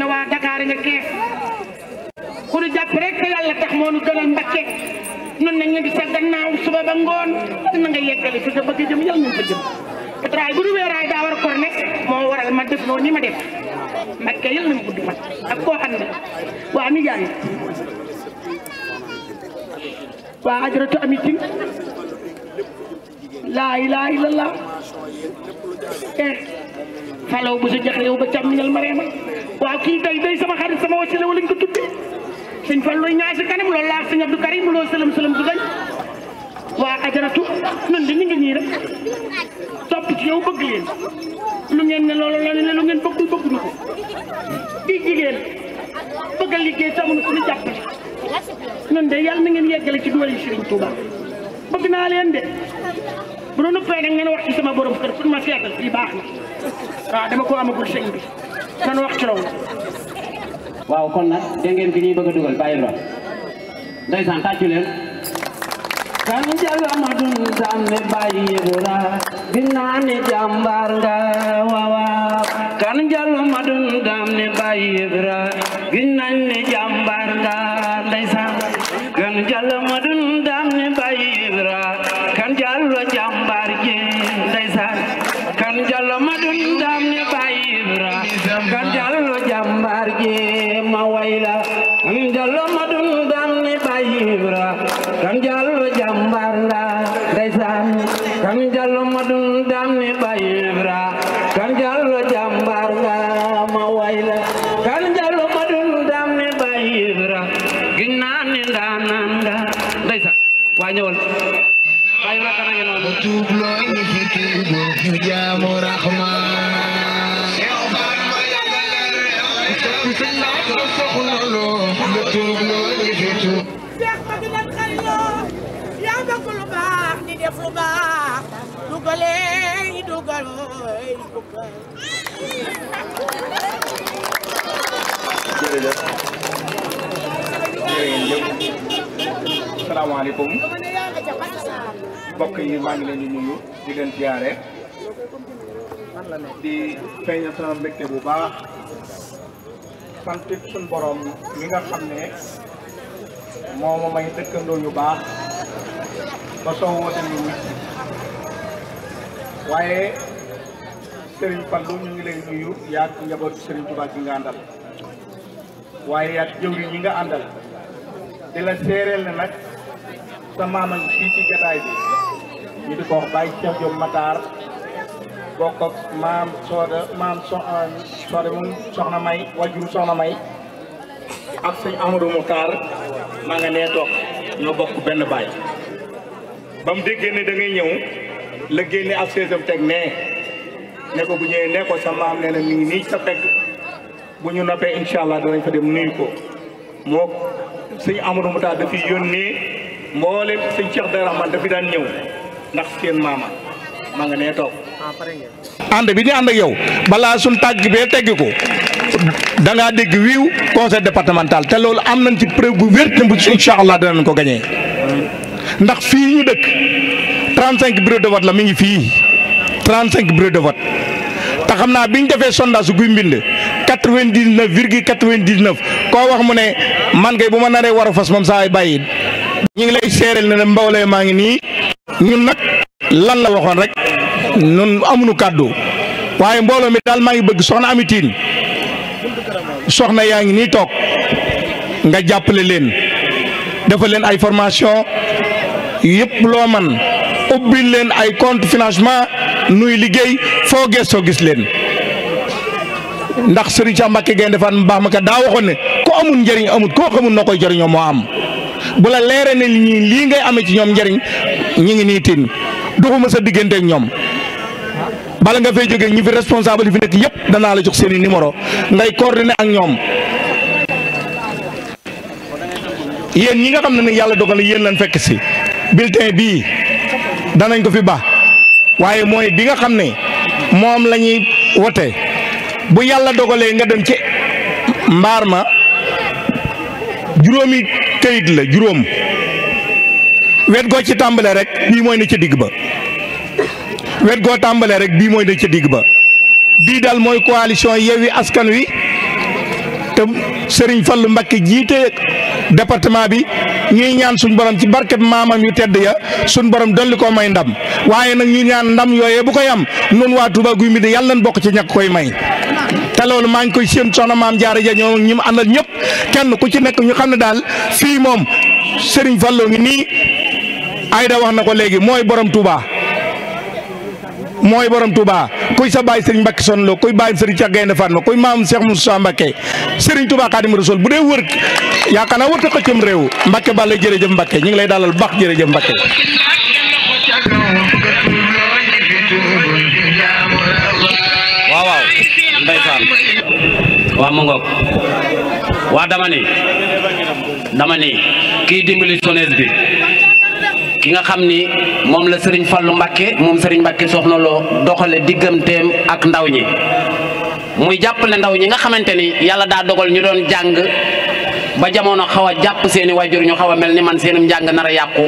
rawatina waa Dakar nga kees ku nu jàpp yàlla tax moo nu gënal Mbakke nun na ñu ngi sa gannaaw suba bangoon ngoon dina nga yeggale fi nga bëgg jëm yàlla ñu fa jëm pétraay bu moo waral ma def noonu ni ma def Mbakke yàlla na mu gudd fan ak koo xam waa mi waa ajaratu amitin laa ilaaha illallah eh. falaw bu sa jaxee yow ba càmmiñal ma reema waaw kii day day sama xarit sama wasila wala ñu ko tudde sëñ Fallu ñaasi kanam loolu laa sëñ Abdou Karim loo sëlëm sëlëm du dañ waa ajaratu nun di ni ngi ñii rek topp ci yow bëgg leen lu ngeen ne loolu la ne lu ngeen bëggul bëgguñu ko di jigéen bëgg a liggéey tamunu suñu jàppale nun de yàlla na ngeen yeggale ci duwal yi Sëriñ Tuuba bëgg naa leen de bu doon noppee nag ngeen wax ci sama borom kër pour ma waaw ah, dama ko amagul sëñ bi nan wax ci loolu. waaw kon la dégg ngeen bi ñuy bëgg a dugal bàyyi lool ndeysaan tàccu leen. kan jalamadun sanne bayira binane jambar nga wawa kan jalamadun damne bayira binane jërëjëf jërë ngeen mbokk yi maa ngi leen di nuyu di leen ziare di bu baax sant suñ borom mi nga xam ne moo may dëkkandoo yu baax ba soo wootee ñu waaye Serigne Fallou ñu ngi lay nuyu yaag njabootu Serigne Touba gi nga àndal waaye yaag jëwriñ yi nga àndal di séeréel ne nag sa maama ngi ci jataay bi ñu di ko wax Baye Cheikh Diop Matar bokk ak maam maam ah, sooda moom soxna may wajur soxna ak sëñ Amadou Moutar maa nga nee toog ñoo bokk benn baay ba mu déggee ne da ñëw la génne ab seesam teg nee ne ko bu ñëwee ne ko sa maam na mi ngi sa pegg bu ñu noppee incha allah danañ fa dem nuyu ko moo sëñ Amadou Mouta dafiy yónnee mboolem sëñ Cheikh Darou Rahman dafi daan ñëw ndax seen maama maa nga nee toog. ànd bi ñu ànd ak yow balaa suñ tàgg bee tegg ko da ngaa dégg wiiw conseil te loolu am nañ ci preuve bu wér te incha ko gañee ndax fii ñu dëkk 35 bureau de vote la mi ngi fii 35 bureau de vote. xam naa bi ñu defee sondage guy mbind quatre vingt dix neuf virgule quatre vingt koo wax mu ne man kay bu ma naree war fas moom saa bàyyi ñu ngi lay seereel ne mbawle maa ngi nii ñun nag lan la waxoon rek ñun amuñu kàddu waaye mbooloo mi daal maa ngi bëgg soxna amitiin soxna yaa ngi nii toog nga jàppale leen dafa leen ay formation yëpp loo man ubbil leen ay compte financement nuy liggéey foo gëstoo gis leen ndax Serigne Cheikh Mbacké Gaïndé Fatma baax ma ka daa waxoon ne ku amul njëriñ amut koo xamul noo koy jariñoo moo am bu la leeree ne ñii lii ngay amee ci ñoom njariñ ñi ngi nii tiin doxuma sa diggante ak ñoom bala nga fay jógee ñi fi responsable yi fi nekk yëpp danaa la jox seen i numéro ngay coordonné ak ñoom yéen ñi nga xam ne ni yàlla dogal na yéen fekk si bulletin bii danañ ko fi ba waaye mooy bi nga xam ne moom la ñuy wote bu yàlla dogalee nga dem ci mbaar ma juróomi kayit la juróom wet goo ci tàmbale rek bii mooy na ca digg ba wet goo tàmbale rek bii mooy ne ca digg ba bii daal mooy coalition Yewwi Askan Wi te Serigne Fallou Mbacké jiite département bi ñuy ñaan suñ borom ci barkeb maamam yu tedd ya suñ borom dolli ko may ndam waaye nag ñuy ñaan ndam yooyee bu koy am noonu waa Touba Guy Mbind yàlla nañ bokk ci ñàkk koy may te loolu maa ngi koy séen soxna maam jaara ja ñoom ñi mu àndal ñëpp kenn ku ci nekk ñu xam ne daal fii moom Serigne Fallou ngi nii Ayda wax na ko léegi mooy borom Touba. mooy borom Touba kuy sa baay Serigne Mbacke Sonlo kuy baayam Serigne Cheikh Gaynde Fatma kuy maam Cheikh Moussa Mbacke Serigne Touba Khadim Rasoul bu dee wër yaakaar naa wër te xëccam réew Mbacke Balla jërëjëf Mbacke ñu ngi lay dalal baax jërëjëf Mbacke. waaw waaw ndeysaan waaw waa dama ni kii dimbali sones bi. ki nga xam ni moom la Serigne fallu Mbakke moom sëriñ Mbakke Soxna loo doxale digganteem ak ndaw ñi muy jàppale ndaw ñi nga xamante ni yàlla daa dogal ñu doon jàng ba jamono xaw a jàpp seeni waajur ñu xaw a mel ni man seenum njàng nar a yàqu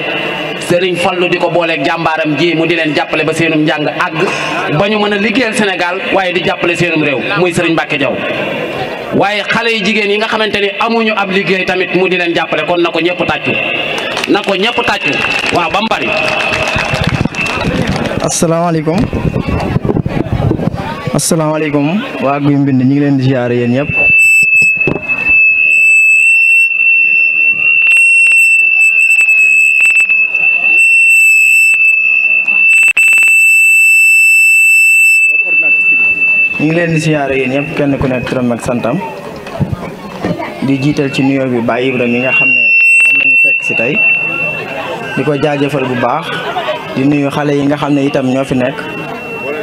sëriñ Fallou di ko boole jàmbaaram jii mu di leen jàppale ba seenum njàng àgg ba ñu mën a liggéeyal Sénégal waaye di jàppale seenum réew muy sëriñ Mbakke jaw waaye xale yu jigéen yi nga xamante ni amuñu ab liggéey tamit mu di leen jàppale kon na ko ñëpp tàccu na ko ñëpp tàccu waaw ba mu bari. asalaamaaleykum waa Guy Mbind ñu ngi leen di ziare yéen ñëpp. ngi leen di siyaare yéen ñëpp kenn ku nekk turam santam di jiital ci nuyoo bi Baye Ibrahima mi nga xam ne moom la ñu fekk si tey di ko jaajëfal bu baax di nuyu xale yi nga xam ne itam ñoo fi nekk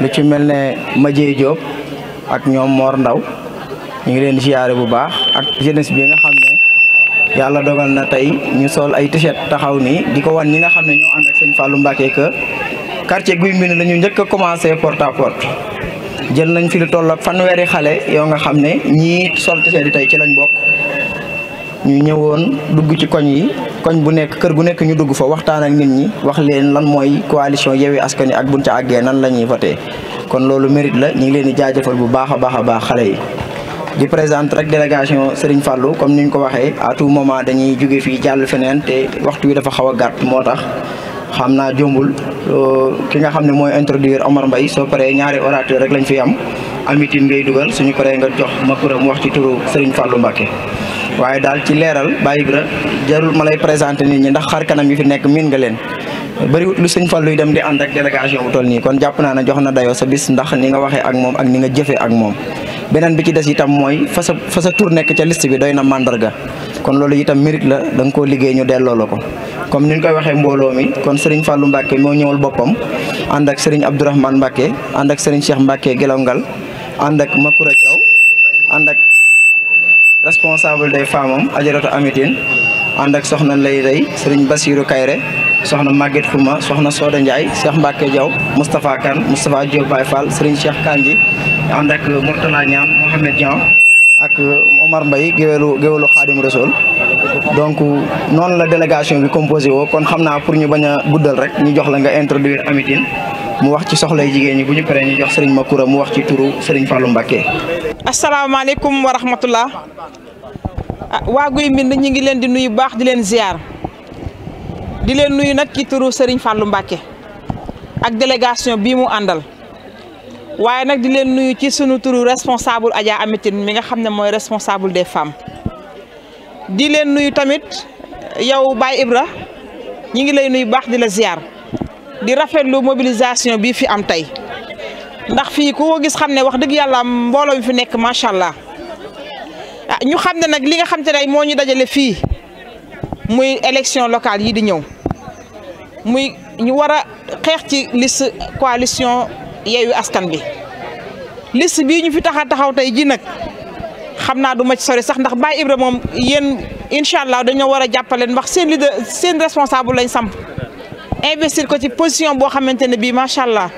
lu ci mel ne Madiaye Diop ak ñoom Mor Ndaw ñu ngi leen siyaare bu baax ak jeunesse bi nga xam ne yàlla dogal na tey ñu sol ay t taxaw nii di ko wan ñi nga xam ne ñoo ànd ak sëñ Fallou Mbacké que quartier Guy Mbind la njëkk a commencé porte à porte jël nañ fi lu toll ak fanweeri xale yoo nga xam ne ñii sol t yi tey ci lañ bokk ñu ñëwoon dugg ci koñ yi koñ bu nekk kër gu nekk ñu dugg fa waxtaan ak nit ñi wax leen lan mooy coalition Yewwi Askan Wi ak buñ ca àggee nan la ñuy voté kon loolu mérite la ñu ngi leen di jaajëfal bu baax a baax a baax xale yi. di présente rek délégation Serigne Fallou comme ni ñu ko waxee à tout moment dañuy jóge fii jàll feneen te waxtu wi dafa xaw a gàtt moo tax xam naa jombul ki nga xam ne mooy introduire Omar Mbaye soo paree ñaari orateur rek lañ fi am amitin ngay dugal suñu paree nga jox ma kuram wax ci turu Serigne Fallou Mbacké. waaye daal ci leeral Baye Ibra jarul ma lay présenté nit ñi ndax xar kanam yi fi nekk miin nga leen bëriwut lu sëñ Fallu dem di ànd ak délégation bu toll nii kon jàpp naa ne jox na dayoo sa bis ndax ni nga waxee ak moom ak ni nga jëfee ak moom beneen bi ci des itam mooy fa sa fa sa tur nekk ca list bi doy na mandarga kon loolu itam mirit la danga nga koo liggéey ñu delloo la ko comme ni ñu koy waxee mbooloo mi kon Serigne Fallou Mbacke moo ñëwal boppam ànd ak Serigne Abdourahmane Mbacke ànd ak Serigne Cheikh Mbacke Gelawngal ànd ak Makoura Thiaw ànd ak responsable des femmes am ajaratu amitin ànd ak soxna lay lay sëriñ Bassirou Kayre soxna Maguette Fuma soxna Soda Ndiaye Cheikh Mbacke Diaw Moustapha Kane Moustapha Diop Baye Fall sëriñ Cheikh Kanji ànd ak Mourtala Niane Mohamed Dian ak Omar Mbaye géwélu géwélu Xaadim Rasul donc noonu la délégation bi composé woo kon xam naa pour ñu bañ a guddal rek ñu jox la nga introduire amitin mu wax ci soxlay jigéen ñi bu ñu paree ñu jox sëriñ Makoura mu wax ci turu sëriñ falu Mbacke. Ah, waa guy mbind ñi ngi leen di nuyu baax di leen ziar di leen nuyu nag ci turu Serigne Fallou Mbacké ak délégation bii mu àndal waaye nag di leen nuyu ci sunu turu responsable Adja Amitine mi nga xam ne mooy responsable des femmes di leen nuyu tamit yow Baye Ibra ñi ngi lay nuyu baax di la ziar di rafetlu mobilisation bi fi am tey ndax fi ku ko gis xam ne wax dëgg yàlla mbooloo mi fi nekk macha allah. ñu xam ne nag li nga xam te ne moo ñu dajale fii muy élection locale yi di ñëw muy ñu war a xeex ci list coalition Yewwi Askan Wi liste bii ñu fi tax taxaw tey ji nag xam naa du ma ci sori sax ndax Baye Ibra moom yéen incha allah dañoo war a jàppaleen wax seen leader seen responsable lañ samp investir ko ci position boo xamante ne bii macha allah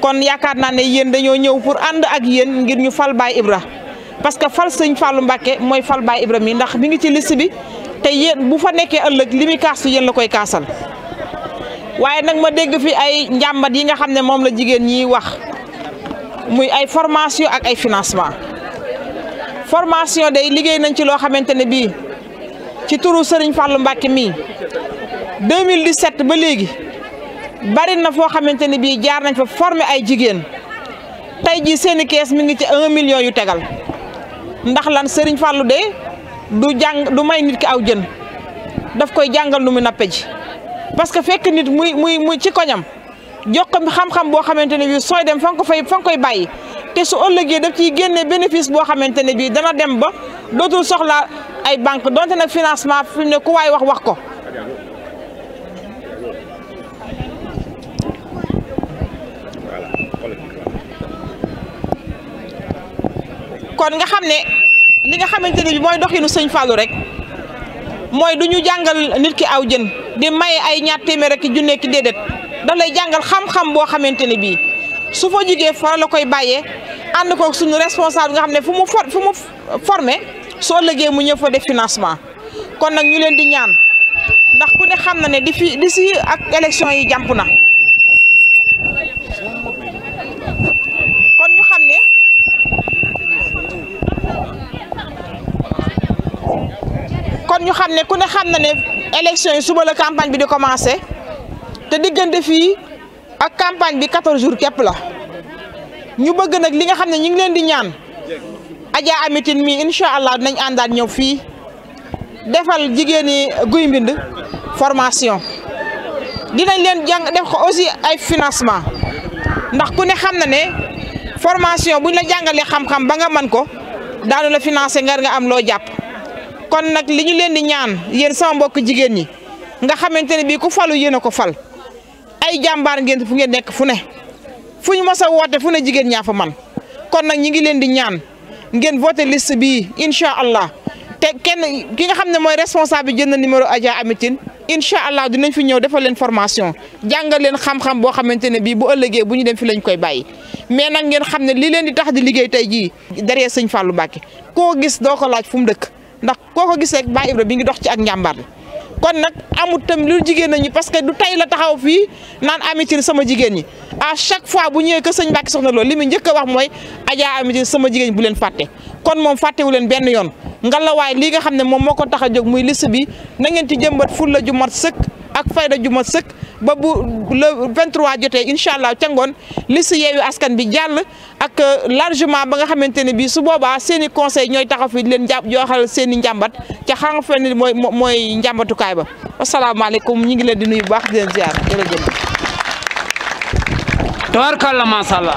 kon yaakaar naa ne yéen dañoo ñëw pour ànd ak yéen ngir ñu fal Baye Ibra parce que fal sëñ Fallou Mbacke mooy fal Baye Ibrahima yi ndax mi ngi ci liste bi te yéen bu fa nekkee ëllëg li muy kaasu yéen la koy kaasal waaye nag ma dégg fi ay njàmbat yi nga xam ne moom la jigéen ñiy wax muy ay formation ak ay financement formation de liggéey nañ ci loo xamante ne bii ci turu Serigne Fallou Mbacke mii 2017 ba léegi bari na foo xamante ne bii jaar nañ fa former ay jigéen tey jii seeni kees mi ngi ci un million yu tegal. ndax lan sëriñ fàllu de du jàng du may nit ki aw jën daf koy jàngal nu mu nappe ji parce que fekk nit muy muy muy ci koñam jox ko xam-xam boo xamante ne bii sooy dem fa ko fay fa koy bàyyi te su ëllëgee daf ciy génnee bénéfice boo xamante ne bii dana dem ba dootul soxla ay banque donte nag financement fi mu ne ku waay wax wax ko kon nga xam ne li nga xamante ne bi mooy doxinu sëñ Fallou rek mooy du ñu jàngal nit ki aw jën di maye ay ñaar téeméer ak junne ki déedéet daf lay jàngal xam-xam boo xamante ni bii su fa jugee fa la koy bàyyee ànd ko suñu responsable nga xam ne fu mu for fu mu formé soo lëggee mu ñëw fa def financement kon nag ñu leen di ñaan ndax ku ne xam na ne di fi si ak élection yi jàmp na tam ñu xam ne ku ne xam na ne élection yi suba la campagne bi di commencé te diggante fii ak campagne bi 14 jours képp la ñu bëgg nag li nga xam ne ñu ngi leen di ñaan Adja Amitin mi incha allah dinañ àndaat ñëw fii defal jigéen ñi guy mbind formation dinañ leen jàng def ko aussi ay financement ndax ku ne xam na ne formation buñ la jàngalee xam-xam ba nga man ko daanu la financé ngar nga am loo jàpp. kon nag li ñu leen di ñaan yéen sama mbokk jigéen ñi nga xamante ne bii ku falu yéen a ko fal ay jàmbaar ngeen fu ngeen nekk fu ne fu ñu mos a woote fu ne jigéen ñaa fa man kon nag ñi ngi leen di ñaan ngeen voté liste bii incha allah te kenn ki nga xam ne mooy responsable bi jënd numéro Adja Amy Tine incha allah dinañ fi ñëw defal leen formation jàngal leen xam-xam boo xamante ne bii bu ëllëgee bu ñu dem fi lañ koy bàyyi mais nag ngeen xam ne li leen di tax di liggéey tey jii derrière sëñ Fallou Mbacké koo gis doo laaj fu mu dëkk. ndax koo ko gisee Ba Ibra bi ngi dox ci ak njàmbaar la kon nag amut tam lu jigéen ñi parce que du tey la taxaw fii naan amitié sama jigéen ñi à chaque fois bu ñëwee que sëñ Mbacke soxna loolu li mu njëkk a wax mooy ajaa amitié sama jigéen bu leen fàtte kon moom fàttewu leen benn yoon ngalawaay li nga xam ne moom moo ko tax a jóg muy liste bi na ngeen ci jëmbat ful la ju mat sëkk ak fayda ju ma sëkk ba bu le 23 jotee incha allah ca ngoon li si askan bi jàll ak euh, largement ba nga xamante ne bii su boobaa seeni conseil ñooy taxaw leen jàpp jooxal seen njàmbat ca xam fa ni mooy mooy njàmbatukaay ba asalaamaaleykum ñu ngi leen di nuyu baax di jaar ziar jërëjëf. tabarkalla macha allah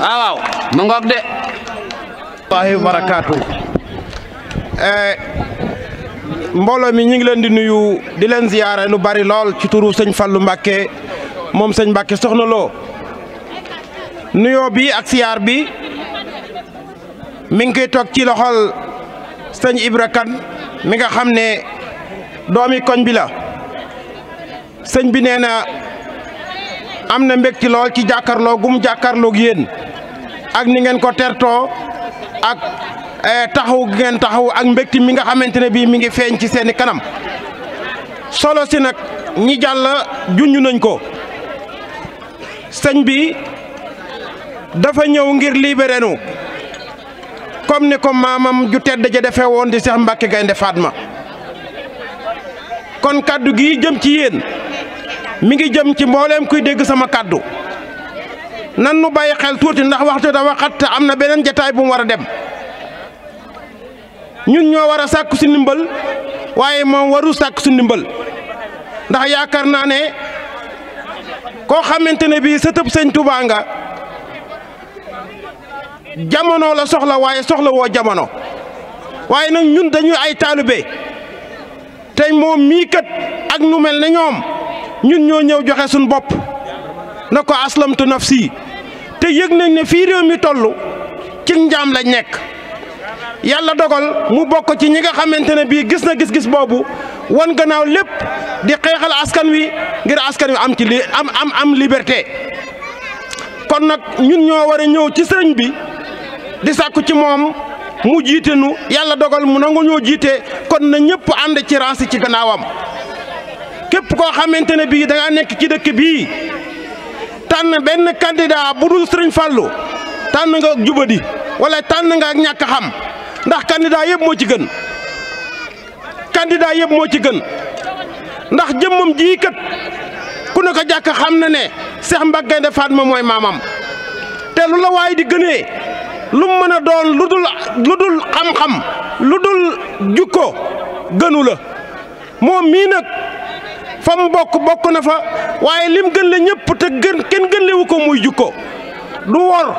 waaw waaw ngoog de. waaleykum barakaatu. Eh, mbooloo mi ñu ngi leen di nuyu di leen ziyaare lu bari lool ci turu sëñ Fallou Mbacké moom sëñ mbakke soxna loo nuyoo bi ak siyaar bi mi ngi koy toog ci loxol sëñ Ibra Kane mi nga xam ne doomi koñ bi la sëñ bi nee na am na mbégte lool ci jàkkaarloo gum jàkkaarloog yéen ak ni ngeen ko tertoo ak Eh, taxaw ngeen taxaw ak mbégti mi nga xamante ne bii mi ngi feeñ ci seeni kanam solo si nag ñi jàll junj nañ ko sëñ bi dafa ñëw ngir libéré nu comme ni ko maamam ju tedd ja defee woon di Seex Mbàkke Gaynde Fatma kon kàddu gi jëm ci yéen mi ngi jëm ci mbooleem kuy dégg sama kàddu nan nu bàyyi xel tuuti ndax waxtu dafa xat am na beneen jataay bu mu war a dem. ñun ñoo war a sàkku si ndimbal waaye moom warul sàkk si ndimbal ndax yaakaar naa ne koo xamante ne bii sëtëb sëñ Tuubaa nga jamono la soxla waaye soxla woo jamono waaye nag ñun dañuy ay taalibe te moom mii kat ak nu mel ne ñoom ñun ñoo ñëw joxe suñu bopp na ko aslamtu nafsi te yëg nañ ne fii réew mi tollu ci njaam lañ nekk yàlla dogal mu bokk ci ñi nga xamante ne bii gis na gis-gis boobu wan ganaaw lépp di xeexal askan wi ngir askan wi am ci am am am liberté kon nag ñun ñoo war a ñëw ci sëriñ bi di sàkku ci moom mu jiite nu yàlla dogal mu nangu ñoo jiite kon na ñëpp ànd ci raasi ci gannaawam képp koo xamante ne bii da nekk ci dëkk bii tànn benn candidat bu dul sëriñ Fallou tànn nga jubadi wala tànn nga ak ñàkk xam ndax kandidaa yëpp moo ci gën candidat yëpp moo ci gën ndax jëmmam jii kat ku ne a jàkk xam na ne Cheikh Mbacké Gaïndé Fatma mooy maamam te lu la waay di gënee lu mën a doon lu dul lu dul xam-xam lu dul jukko gënu la moom mii nag fa mu bokk bokk na fa waaye lim gën la ñëpp te gën kenn gën lewu ko muy jukko du wor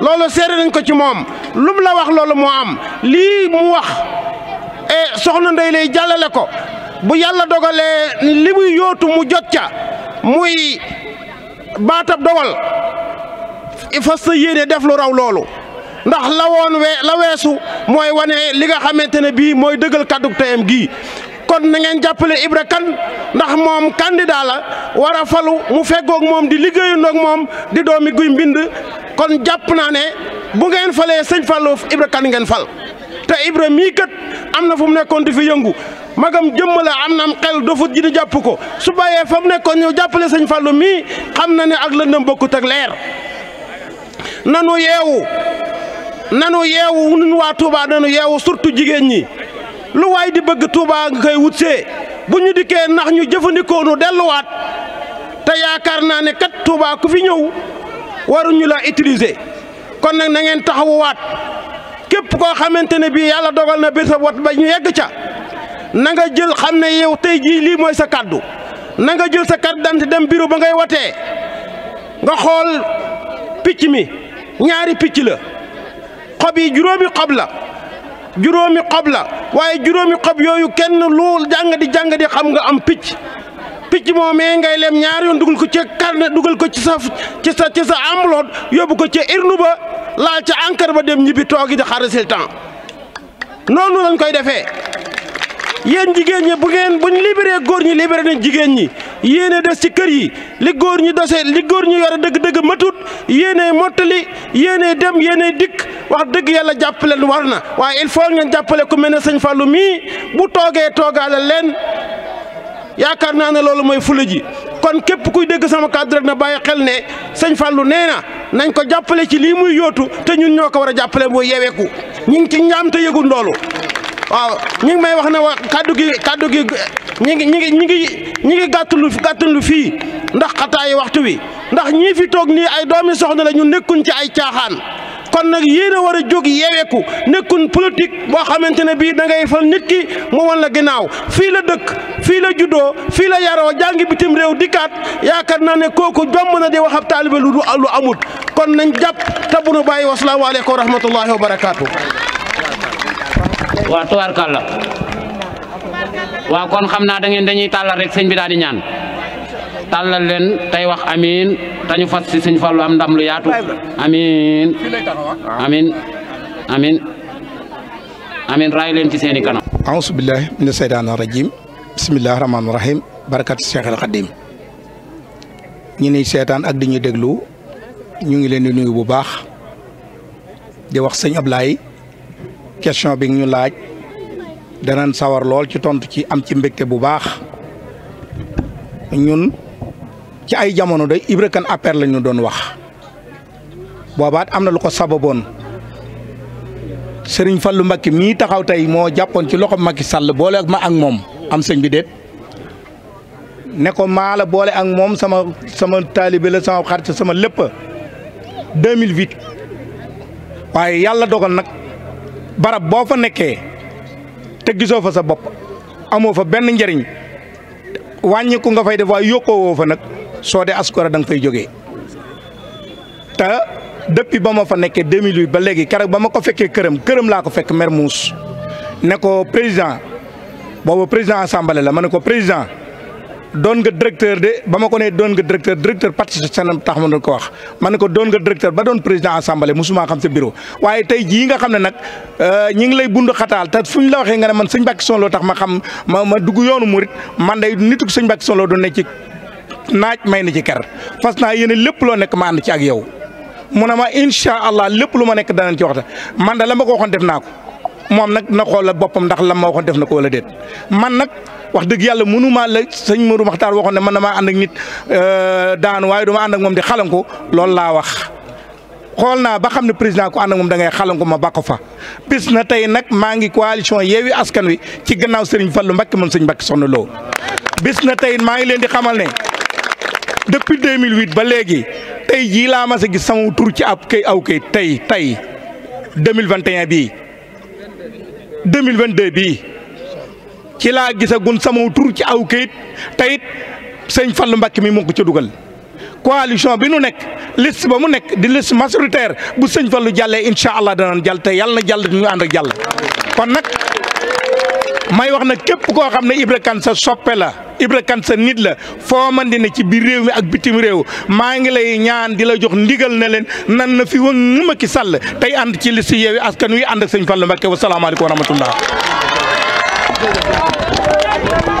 loolu seere nañ ko ci moom lu la wax loolu moo am lii mu wax e soxna Ndeye Leye jàllale ko bu yàlla dogalee li muy yootu mu jot ca muy baatab dogal fas sa yéene def lu raw loolu ndax la woon wee la weesu mooy wane li nga xamante ne bii mooy dëggal kàddu tayam gii kon na jàppale Ibra kan ndax moom candidat la falu mu feggoog moom di liggéeyu liggéeyandoog moom di doomi guy mbind kon jàpp naa ne bu ngeen falee sëñ Fallou Ibra Kane ngeen fal te Ibra mii kat am na fu mu nekkoon di fi yëngu magam jëmm am na am xel dofut ji di jàpp ko su bàyyee fa mu nekkoon ñëw jàppale sëñ Fallou mii xam na ne ak lëndëm bokkut ak leer nanu yeewu nanu yeewu nun waa Touba nanu yeewu surtout jigéen ñi lu waay di bëgg Touba nga koy wutsee bu ñu dikkee nax ñu jëfandikoo nu delluwaat te yaakaar naa ne kat Touba ku fi ñëw. waruñu la utiliser kon nag na ngeen taxawuwaat képp koo xamante ne bii yàlla dogal na biir sa wat ba ñu yegg ca na nga jël xam ne yow tey jii lii mooy sa kàddu na nga jël sa carte d'identité dem bureau ba ngay watee nga xool picc mi ñaari picc la xob yi juróomi xob la juróomi xob la waaye juróomi xob yooyu kenn lu jàng di jàng di xam nga am picc picc moomee ngay lem ñaar yoon dugal ko ci carnet dugal ko ci sa ci sa ci sa enveloppe yóbbu ko ci irnu ba laal ca encre ba dem ñibbi toogi di xaar résultat noonu lañ koy defee yéen jigéen ñi bu ngeen buñ libéré góor ñi libéré nañ jigéen ñi yéene des ci kër yi li góor ñi dose li góor ñi yore dëgg-dëgg matut yéene mottali yéene dem yéene dikk wax dëgg yàlla jàppale lu war na waaye il faut ngeen jàppale ku mel ne sëñ Fallou mii bu toogee toogaale leen yaakaar naa ne loolu mooy fula ji kon képp kuy dégg sama kàddu na bàyyi xel ne sëñ Fallou nee na nañ ko jàppale ci lii muy yootu te ñun ñoo ko war a jàppale mooy yeweeku ñu ngi ci ñaam te yëgul loolu waaw ñu ngi may wax ne wa kàddu gi kàddu gi ñi ngi ñi ngi ñi ngi ñi ngi gàttalu gàttalu fii ndax xataayi waxtu wi ndax ñii fi toog nii ay doomi soxna la ñu nekkuñ ci ay caaxaan kon nag yéen war a jóg yeweeku nekkun politique boo xamante ne bii dangay ngay nit ki mu wan la ginnaaw fii la dëkk fii la juddoo fii la yaroo jàngi bitim réew dikkaat yaakaar naa ne kooku jomb na di wax ab taalibe lu lu kon nañ jàpp te bu nu bàyyi wasalaamaaleykum wa rahmatullahi wa barakaatu. waaw kon xam naa dangeen dañuy tàllal rek sëñ bi daal di ñaan tàllal leen tey wax amiin. tañu fas ci sëñ Fallu am ndam lu yaatu ah. amin amin raay leen ci seeni kanam aousu billahi mina seytaani rajim bismillahi rahmaani rahim barakatu Seexul Xadim ñi ni seetaan ak di ñu déglu ñu ngi leen di nuyu bu baax di wax sëñ Ablaye question bi ñu laaj danañ sawar lool ci tontu ci am ci mbégte bu baax ñun ci ay jamono de Ibra Kane APR lañ doon wax boobaat am na lu ko sababoon sëriñ Serigne Fallou Mbacké mii taxaw tey moo jàppoon ci loxo Macky Sall boole ma ak moom am sëñ bi déet ne ko maa boole ak moom sama sama taalibe la sama xarit sama lépp 2008 waaye yàlla dogal nag barab boo fa nekkee te gisoo fa sa bopp amoo fa benn njariñ wàññiku nga fay def waaye yokkoo fa nag soo dee askora da nga fay jógee te depuis ba ma fa nekkee 2008 ba léegi keroog ba ma ko fekkee këram këram laa ko fekk maire Mouss ne ko président boobu président assemblée la ma ne président doon nga directeur de ba ma ko nee doon nga directeur directeur parti socialiste tax ma ko wax ma ne ko doon nga directeur ba doon président assemblée musuma xam sa bureau waaye tey jii nga xam ne nag euh, ñi ngi lay bund xataal te fu ñu la waxee nga ne man sëñ Mbàkke Sonlo tax ma xam ma ma dugg yoonu murit man day sëñ Mbàkke Sonlo doon ne ci naaj may na ci ker fas naa yéene lépp loo nekk ma ànd ci ak yow mu ne ma incha allah lépp lu ma nekk danañ ci waxta man da la ma ko waxoon def naa ko moom nag na xoolal boppam ndax la ma waxoon def na ko wala déet man nag wax dëgg yàlla mënumaa la sëñ Modou Makhtar waxoon ne man damaa ànd ak nit euh, daan waaye duma ànd ak moom di xalan ko loolu laa wax xool naa ba xam ne président ko ànd ak moom da ngay xalan ko ma bàkko fa bis na tey nag maa ngi coalition Yewwi Askan Wi ci gannaaw Serigne Fallou Mbacké moom sëñ Mbacké soxna loo bis na tey maa ngi leen di xamal ne depuis 2008 ba léegi tey jii laa mas a gis sama tur ci ab kay aw kay tey tey 2021 bii 2022 bii ci laa gisagun sama tur ci aw kayit teyit sëñ Fallu Mbàkke mi moo ko ca dugal coalition bi nu nekk liste ba mu nekk di liste majoritaire bu sëñ Fallu jàllee incha allah danañ jàll te yàlla na jàll ñu ànd ak jàll kon nag may wax nag képp koo xam ne Ibra Kane sa soppe la Ibra Kane sa nit la foo man ne ci biir réew mi ak bitim réew maa ngi lay ñaan di la jox ndigal na leen nan na fi wëng ki sàll tey ànd ci liste Yewwi Askan Wi ànd ak sëñ Fallou Mbacké wa salaamaaleykum wa rahmatullah